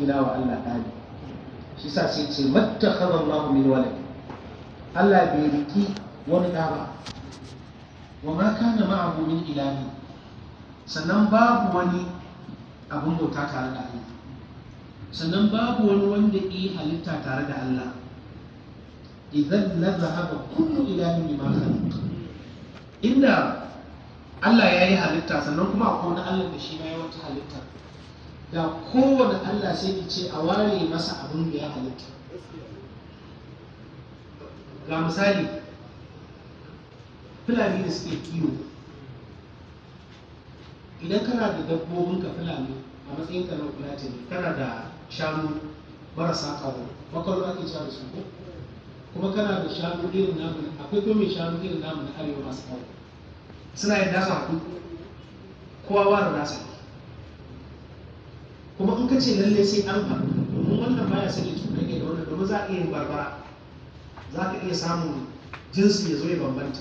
jingina wa Allah ɗani shi sa sai ce mattakhadha Allah min walad Allah bai riki wani ɗa ba wa ma kana ma'ahu min ilahi sannan babu wani abun bauta tare da Allah sannan babu wani wanda yi halitta tare da Allah idan na zahaba kullu ilahin ne khaliq inda Allah ya yi halitta sannan kuma akwai wani Allah da shi ma ya wata halitta da kowane Allah sai ki ce a ware masa abin da ya halitta ga misali fulani da suke kiwo idan kana da dabbobin ka fulani a matsayin ka na kulati ne kana da shanu marasa kawo makaro ake sha da su ko kuma kana da shanu irin namu akwai kuma shanu irin namu na arewa masu kawo suna yin nasa haɗu kowa ware nasa kuma in ka ce lallai sai an ba domin wannan baya son ya cuta ne da wannan domin za a iya yin barbara za ka iya samun jinsi ya zo ya bambanta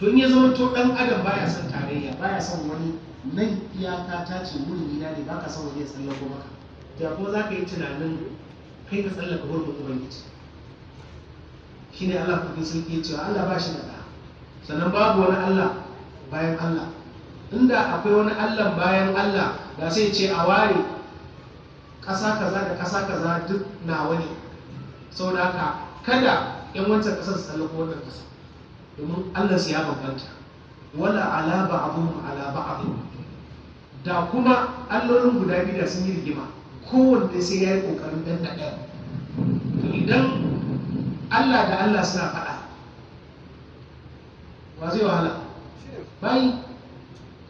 to in ya zama to ɗan adam baya son tarayya baya son wani nan iyaka ta ce wurin gida ne ba ka son wani ya tsallako maka da kuma za ka yi tunanin kai ka tsallaka hurumin ubangiji ne Allah kudin sun ke cewa Allah ba shi da ɗa sannan babu wani Allah bayan Allah inda akwai wani allah bayan allah da sai ce a ware ƙasa kaza da ƙasa kaza duk nawa ne da ka kada yan wancan ƙasar su tsallaka wannan ƙasa domin allah su ya bambanta wala ala abu ala abu. da kuma allolin guda biyu da sun yi rigima kowanne sai ya yi ƙoƙarin dan da ɗaya idan allah da allah suna faɗa ba zai wahala bai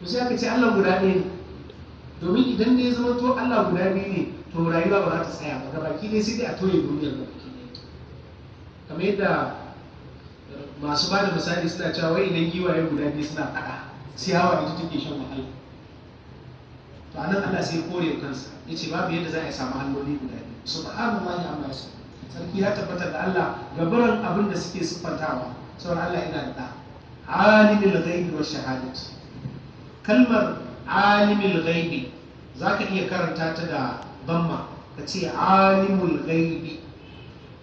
to sai aka ce Allah guda ɗaya ne domin idan ne zama to Allah guda ɗaya ne to rayuwa ba za ta tsaya ba gabaki ne sai dai a toye duniyar ba ne kamar yadda masu ba da misali suna cewa wai idan giwaye guda biyu suna faɗa ciyawa ita take shan wahala to anan Allah sai kore kansa ya ce babu yadda za a samu halloli guda biyu subhanallahi amma ya sarki ya tabbatar da Allah gabaran abin da suke siffantawa sauran Allah yana da zai yi wa shahadati kalmar alimul ghaibi za ka iya karanta ta da bamma ka ce alimul ghaibi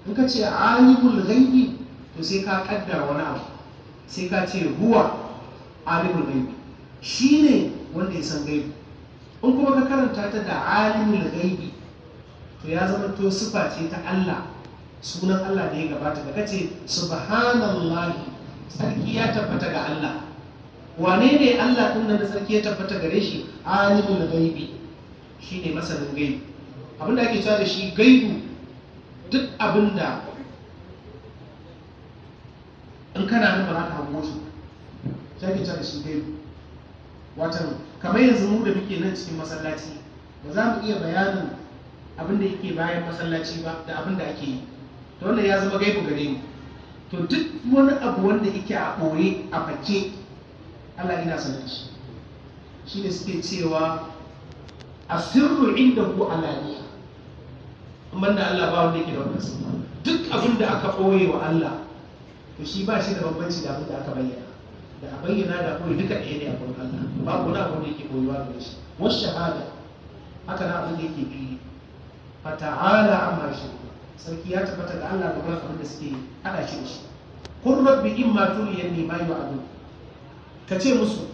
in ka ce alimul ghaibi to sai ka kadda wani abu sai ka ce huwa alimul ghaibi shi ne wanda ya san gaibi in kuma ka karanta ta da alimul ghaibi to ya zama to sufa ce ta Allah sunan Allah da ya gabata ka ce subhanallahi sarki ya tabbata ga Allah wane ne Allah din da sarki ya tabbata gare shi gaibi shi shine masanin gaibi abin da ake cewa da shi gaibu duk abin da in kana nan ba za ka hango shi shi ake cewa da shi gaibu watan kamar yanzu mu da muke nan cikin masallaci ba za mu iya bayanin abin da yake bayan masallaci ba da abin da ake yi to wannan ya zama gaibu gare mu to duk wani abu wanda yake a ɓoye a fake Allah ina sanar shi shi ne suke cewa a sirru inda ku alaniya amman da Allah ba wanda yake da wannan duk abin da aka ɓoye wa Allah to shi ba shi da bambanci da abin da aka bayyana da a bayyana da ɓoye duka ɗaya ne a gurin Allah ba ku na abin da yake koyuwa da shi wasu shahada haka na abin da yake fili fata'ala amma shi sarki ya tabbata ga Allah ga abin da suke haɗa shi da shi kun rabbi in ma tuliyan ne ma yi wa abin ka ce musu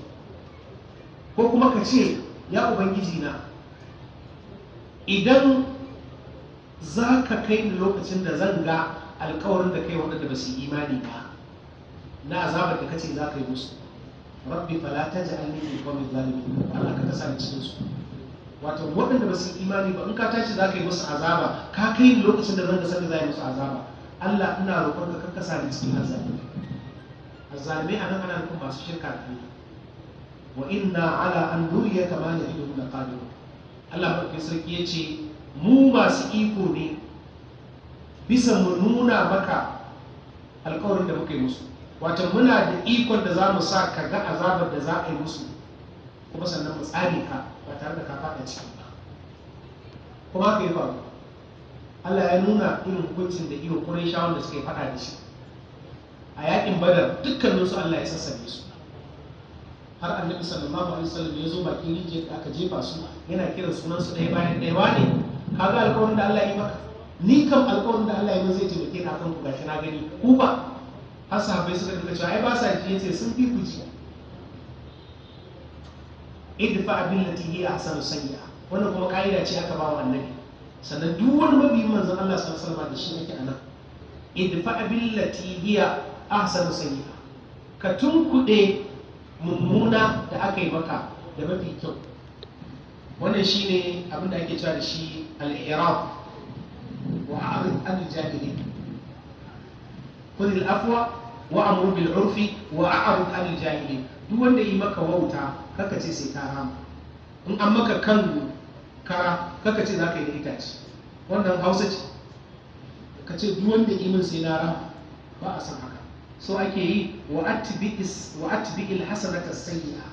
ko kuma ka ce ya ubangiji na idan za ka kai ni lokacin da zan ga alkawarin da kai wadanda ba su imani ba na azabar da ka ce za ka yi musu rabbi ji taj'alni min qawmi zalimin Allah ka kasance da su wato waɗanda ba su imani ba in ka tashi za ka yi musu azaba ka kai lokacin da zan ga sani za yi musu azaba Allah ina roƙon ka kakkasa da cikin azaba azzalimai a nan ana nufin masu shirka ne wa inna ala an duriya kama ya ido na kado Allah mafi sarki ya ce mu masu iko ne bisa mu nuna maka alkawarin da muka yi musu wato muna da ikon da za mu sa ka ga azabar da za a yi musu kuma sannan mu tsare ka ba tare da ka faɗa ciki ba kuma haka yi faru Allah ya nuna irin hukuncin da iya kurai shawar da suka yi faɗa da shi a yakin badar dukkaninsu Allah ya sassabe su har annabi sallallahu alaihi wasallam ya zo bakin rijiyar da aka jefa su yana kiran sunan su ɗaya bayan ɗaya wane kaga alƙawarin da Allah ya maka ni kam alƙawarin da Allah ya maka zai taimake na kan ku gashi na gani ku ba har sahabbai suka dinga cewa ai ba sa ji yace sun fi ku ji idfa billati hi ahsanu sayya wannan kuma kaida ce aka ba wa annabi sannan duk wani mabiyin manzon Allah sallallahu alaihi wasallam da shi yake anan idfa billati hiya ahsanu sayyi'a ka kuɗe mummuna da aka yi maka da mafi kyau wannan shine abin da ake cewa da shi al-iraq wa a'rid an jahili khudh al-afwa wa amru bil urfi wa a'rid an jahili duk wanda yi maka wauta kaka ce sai ka rama in an maka kan kara kaka ce za ka yi itace wannan hausa ce ka ce duk wanda yi min sai na rama ba a san haka so ake yi wa atbi'il hasanata sayyi'a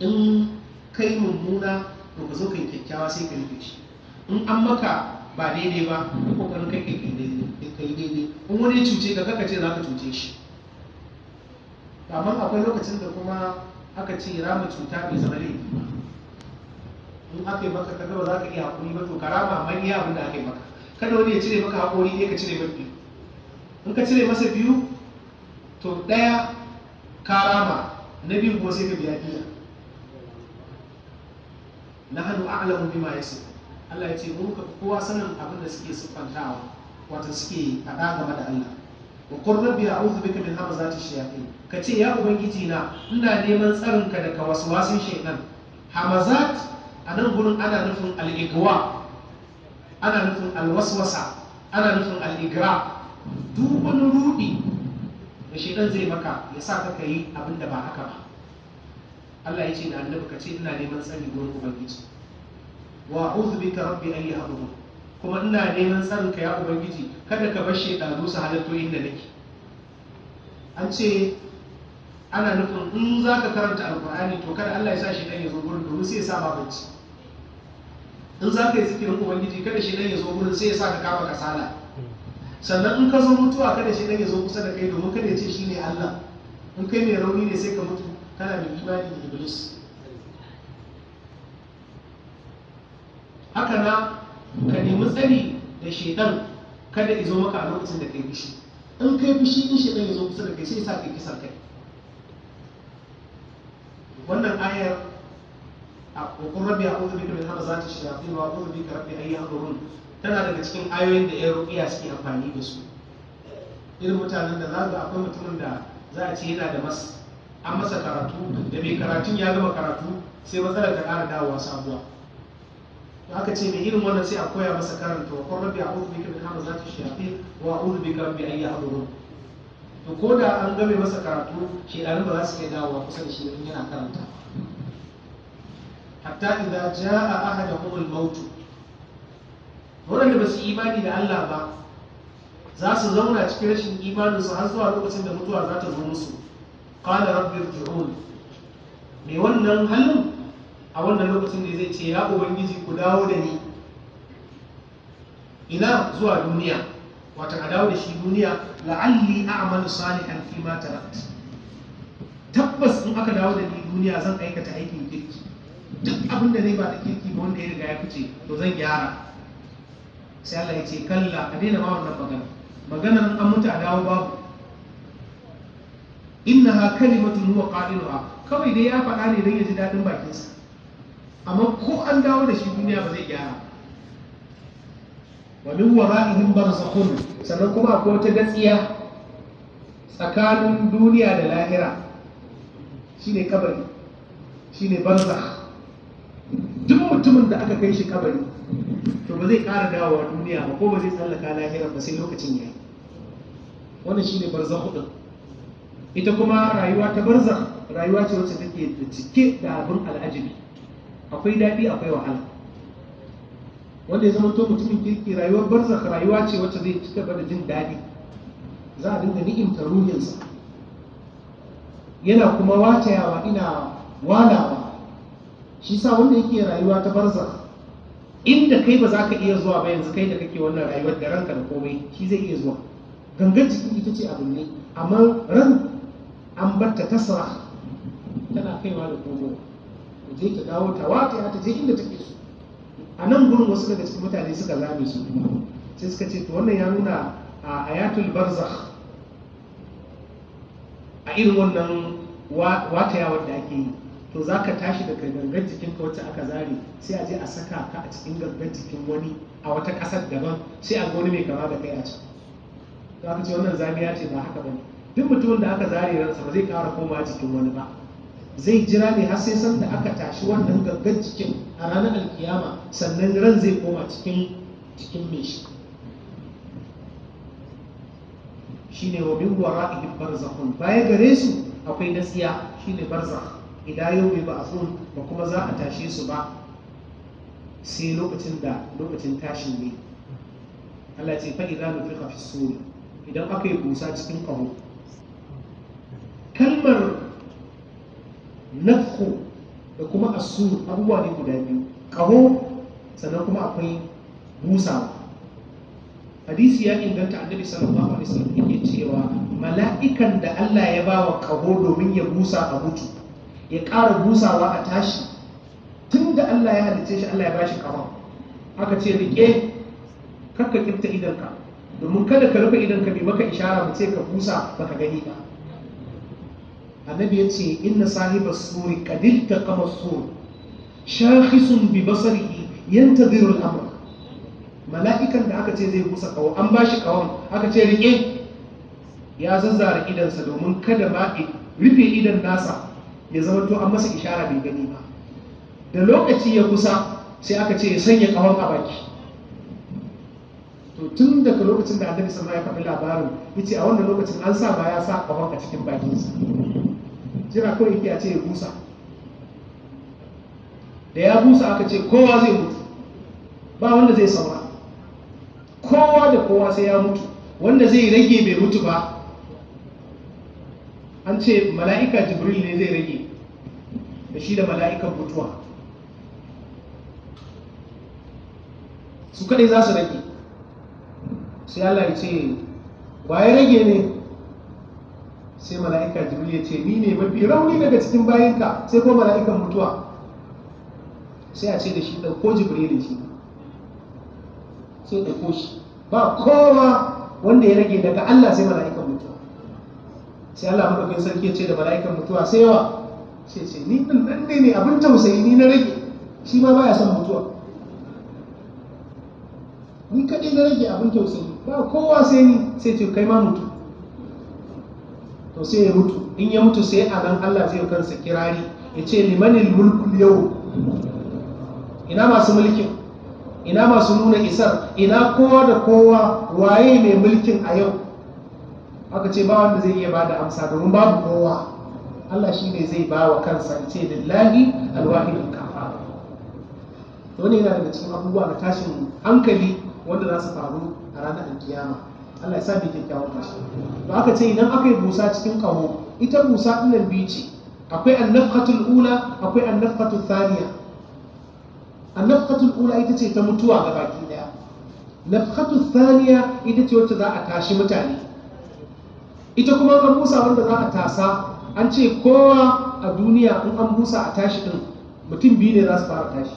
in kai mummuna to ka zo kai kyakkyawa sai ka rufe shi in an maka ba daidai ba ko kokarin kai kai daidai kai daidai in wani cuce ka kaka ce za ka cuce shi amma akwai lokacin da kuma aka ce rama cuta bai zama laifi ba in aka yi maka kaga ba za ka iya hakuri ba to ka rama manya abin da aka yi maka kada wani ya cire maka hakuri ne ka cire mafi in ka cire masa biyu to ɗaya karama na biyu kuma sai ka biya biya na hannu a'lamu bima yasif Allah ya ce mun ka kowa sanin abin da suke siffantawa wato suke faɗa game da Allah wa qur rabbi a'udhu bika min hamazati shayatin ka ce ya ubangiji na ina neman tsarin ka daga waswasin shaytan hamazat a nan gurin ana nufin al ana nufin alwaswasa ana nufin al-igra duk wani rudi da shaidan zai maka ya sa ka yi abin da ba haka ba Allah ya ce da annabi ka ce ina neman tsari gurin ubangiji wa a'udhu bika rabbi an yahdurun kuma ina neman tsarin ka ya ubangiji kada ka bar shaidanu su halatto inda nake an ce ana nufin in za ka karanta alkur'ani to kada Allah ya sa shaidan ya zo gurin domin sai ya sa ba bacci in za ka yi zikirin ubangiji kada shaidan ya zo gurin sai ya sa ka kama kasala sannan in ka zo mutuwa kada shi ya zo kusa da kai domin kada ya ce shi ne Allah in kai mai rauni ne sai ka mutu kana mai imani da iblis haka na ka nemi tsari da shaidan kada ya zo maka a lokacin da kai fushi in kai fushi in shaidan ya zo kusa da kai sai ya sa kai kisan kai wannan ayar a kokon rabbi a ƙudu bikin hana za ta shafi wa ƙudu bikin rabbi ayyuhan rurun tana daga cikin ayoyin da yan ruƙiya suke amfani da su irin mutanen da za ga akwai mutumin da za a ce yana da mas an masa karatu da mai karatun ya gama karatu sai matsalar ta ƙara dawowa sabuwa to aka ce mai irin wannan sai a koya masa karanta wa kuma rabbi a'udhu bika min ta shafi wa a'udhu bika rabbi an yahdurun to ko da an game masa karatu ke ba za su kai dawowa kusa da shi in yana karanta hatta idza jaa ahaduhum al-mautu waɗanda ba su imani da Allah ba za su zauna cikin rashin imanin su har zuwa lokacin da mutuwa za ta zo musu qala rabbi irji'un me wannan halin a wannan lokacin da zai ce ya ubangiji ku dawo da ni ina zuwa duniya wata a dawo da shi duniya la'alli a'malu salihan fi ma tarat tabbas in aka dawo da ni duniya zan aikata aikin kirki duk abin da zai ba da kirki ba wanda ya riga ya fice to zan gyara sai Allah ya ce kalla a daina ma wannan magana maganar an mutu a dawo babu innaha kalimatun huwa qailuha kawai dai ya faɗa ne don ya ji daɗin bakinsa amma ko an dawo da shi duniya ba zai gyara wa min wara'ihim barzakhun sannan kuma akwai wata gatsiya tsakanin duniya da lahira shine kabari shine barzakh duk mutumin da aka kai shi kabari to ba zai ƙara dawowa duniya ba ko ba zai tsallaka lahira ba sai lokacin ya yi wannan ne barzan din ita kuma rayuwa ta barzakh rayuwa ce wacce take da cike da abin al'ajabi akwai daɗi akwai wahala wanda ya zama to mutumin kirki rayuwar barzak rayuwa ce wacce zai ci da jin daɗi za a dinga ni'imta ruhinsa yana kuma watayawa ina walawa shi sa wanda yake rayuwa ta barzak. inda kai ba za ka iya zuwa ba yanzu kai da kake wannan rayuwar da ranka da komai shi zai iya zuwa gangan jikin ita ce abin ne amma ran an batta tasara tana kaiwa da komo ta je ta dawo ta wata ya ta je inda take so a nan gurin wasu daga cikin mutane suka zame su sai suka ce to wannan ya nuna a ayatul barzakh a irin wannan watayawar da ake yi to za ka tashi daga gangar jikinka wacce aka zare sai a je a saka ka a cikin gangar jikin wani a wata ƙasar daban sai a wani mai kama da kai a can za ka ce wannan zamiya ce ba haka bane duk mutumin da aka zare ransa ba zai ƙara komawa jikin wani ba zai jira ne har sai san da aka tashi wannan gangar jikin a ranar alkiyama sannan ran zai koma cikin jikin mai shi shine wa min wara'ihim barzakhun baya gare su akwai nasiya shine barzakh idan yau bai so ba kuma za a tashe su ba sai lokacin da lokacin tashin ne Allah ce faɗi za mu fi sur idan aka yi kusa cikin ƙaho. kalmar nafku da kuma asu abubuwa ne guda biyu Ƙaho sannan kuma akwai busa hadisi ya inganta annabi sallallahu alaihi wasallam yake cewa mala'ikan da Allah ya bawa kaho domin ya busa a mutu ya ƙara busawa a tashi tun da Allah ya halice shi Allah ya ba shi kama aka ce riƙe kakka kifta idanka domin kada ka rufe idanka bai maka ishara ba ce ka busa baka gani ba annabi ya ce inna sahiba suri kadil ta kama suri shakhisun bi basarihi yantadiru amr mala'ikan da aka ce zai busa kawo an ba shi kawon aka ce riƙe ya zazzara idansa domin kada ma rufe idan nasa ya zama to an masa ishara bai gani ba da lokaci ya kusa sai aka ce ya sanya kawon a baki to tun daga lokacin da annabi sallallahu alaihi wasallam ya faɗi labarin yace a wannan lokacin an sa ba ya sa kawon a cikin bakinsa jira kawai yake a ce ya busa da ya busa aka ce kowa zai mutu ba wanda zai saura kowa da kowa sai ya mutu wanda zai rage bai mutu ba an ce mala'ika jibril ne zai rage da shi da mala'ikan mutuwa su kadai za su rage sai Allah ya ce ba ya rage ne sai mala'ika jibril ya ce ni ne mafi rauni daga cikin bayanka sai ko mala'ikan mutuwa sai a ce da shi ɗauko jibril shi sai ɗauko shi ba kowa wanda ya rage daga Allah sai mala'ikan mutuwa sai Allah madaukakin sarki ya ce da mala'ikan mutuwa sai yawa sai ce ni din nan ne ne abin tausayi ni na rage shi ma baya son mutuwa ni kaɗai na rage abin tausayi ba kowa sai ni sai ce kai ma mutu to sai ya mutu in ya mutu sai a nan Allah zai kansa kirari ya ce limanil mulkul yau ina masu mulkin ina masu nuna isar ina kowa da kowa waye mai mulkin a yau aka ce ba wanda zai iya ba da amsa domin babu kowa Allah shi ne zai ba wa kansa ce lillahi da kafa. to ne yana daga cikin abubuwa na tashin hankali wanda za su faru a ranar alkiyama Allah ya sa bi kyakkyawan kashi to aka ce idan aka yi busa cikin kaho ita busa ɗinnan biyu ce akwai annafqatul ula akwai annafqatul thaniya annafqatul ula ita ce ta mutuwa ga baki daya nafqatul thaniya ita ce wacce za a tashi mutane ita kuma an busa wanda za a tasa an ce kowa a duniya in an busa a tashi din mutum biyu ne za su fara tashi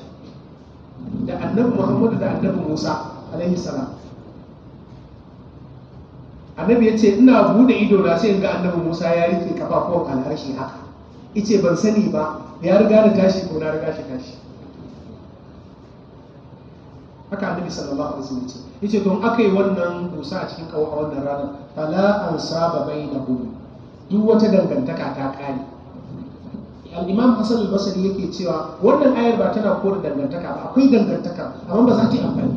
da annabi muhammadu da annabi musa alaihi salam annabi ya ce ina bude ido na sai ga annabi musa ya rike kafafuwan alharshi haka ice ban sani ba ya riga da tashi ko na riga shi tashi haka annabi sallallahu alaihi wasallam ce yace don aka yi wannan dusa a cikin kawo a wannan rana fala an saba bainahum duk wata dangantaka ta kare al-imam hasan al-basri yake cewa wannan ayar ba tana kore dangantaka ba akwai dangantaka amma ba za ta yi amfani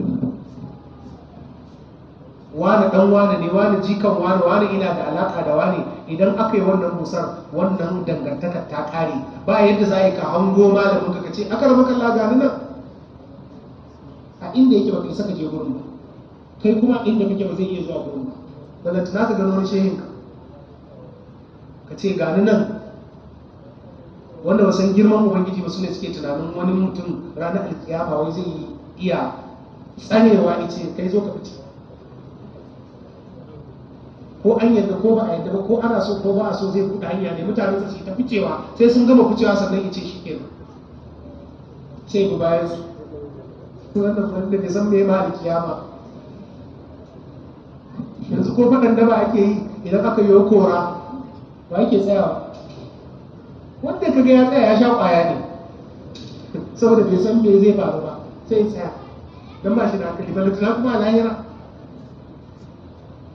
wani dan wani ne wani jikan wani wani ina da alaka da wani idan aka yi wannan musar wannan dangantaka ta kare ba yadda za a yi ka hango malamin ka ce aka rama kalla nan inda yake baka isa ka je gurin ba kai kuma inda kake ba zai iya zuwa gurin ba daga tana ka gano wani shehin ka ka ce gani nan wanda wasan girman ubangiji ba su ne suke tunanin wani mutum ranar alkiyama wai zai iya tsanewa ya ce kai zo ka fice ko an yadda ko ba a yadda ba ko ana so ko ba a so zai buɗe hanya ne mutane su ta ficewa sai sun gama ficewa sannan ya ce shi kenan sai ba bayan su wannan wanda bai san me ma alkiyama yanzu ko faɗan daba ake yi idan aka yi kora ba ake tsayawa wanda ka ga ya tsaya ya sha ƙwaya ne saboda bai san me zai faru ba sai tsaya don ba shi da hankali balantana kuma lahira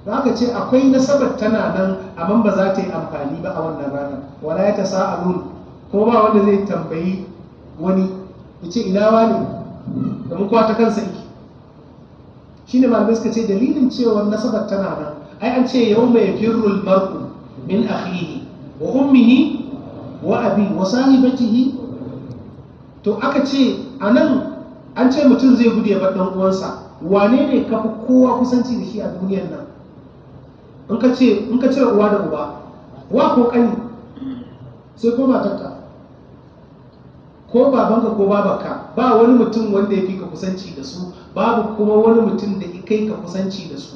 haka ce akwai nasabar tana nan amma ba za ta yi amfani ba a wannan ranar wala ya ta sa'alun ko ba wanda zai tambayi wani ya ce ina wani domin kowa ta kansa yake ne malamai suka ce dalilin cewa nasabar tana nan ai an ce yau mai firul mar'u min akhihi wa ummihi wa abi wa sahibatihi to aka ce anan an ce mutum zai ya bar dan uwansa wane ne fi kowa kusanci da shi a duniyar nan in ka ce in ka ce uwa da uba wa ko kani sai ko matarka ko babanka ko babanka ba wani mutum wanda ya fi ka kusanci da su babu kuma wani mutum da ya kai ka kusanci da su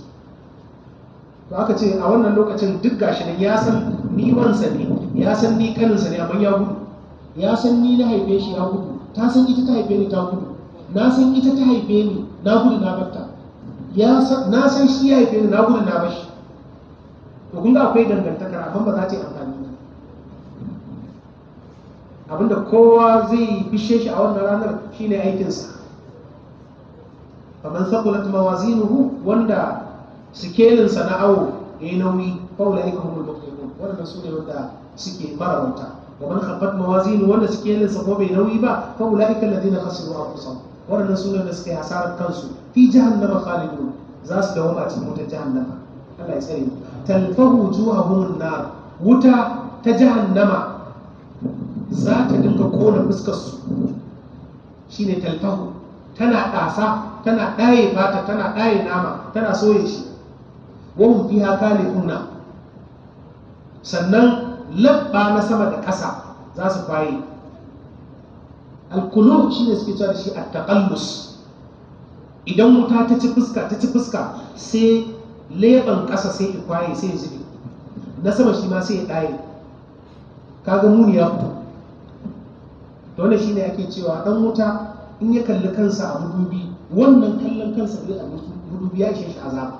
to aka ce a wannan lokacin duk gashi nan ya san ni wansa ne ya san ni kaninsa ne amma ya gudu ya san ni na haife shi ya gudu ta san ita ta haife ni ta gudu na san ita ta haife ni na gudu na batta na san shi ya haife ni na gudu na bashi to kun ga akwai dangantakar amma ba za ta yi amfani ba abinda kowa zai bishe shi a wannan ranar shine aikinsa faman sakulat mawazinuhu wanda sikelinsa na awo ya yi nauyi faula ya kahumul muqtimun wanda su ne wanda suke marawanta wa man khaffat mawazinu wanda sikelinsa kuma bai nauyi ba faula ya kalladina khasiru anfusahum wanda su ne da suke hasarar kansu fi jahannama khalidun za su dawo a cikin wutar jahannama Allah ya tsare talfahu juhahum nar wuta ta jahannama gola fuskarsu shi ne taltahu tana ɗasa tana ɗaye fata tana ɗaye nama tana soye shi Wani haka ne kuna sannan labba na sama da ƙasa za su kwaye alkulu shi ne suke cewa shi a taƙallus idan wuta ta ci fuska ta ci fuska sai leɓen ƙasa sai ya kwaye sai ya zube na sama shi ma sai ya ɗaye kaga muni ya fito to shi ne ake cewa dan wuta in ya kalli kansa a mudubi wannan kallon kansa ne a mudubi ya ishe shi azaba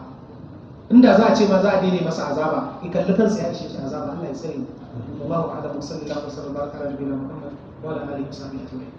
inda za a ce ma za a daina masa azaba in kalli kansa ya ishe shi azaba Allah ya tsare mu Allahu a'lamu sallallahu alaihi wa sallam barakallahu bina Muhammad wa ala alihi wa sahbihi ajma'in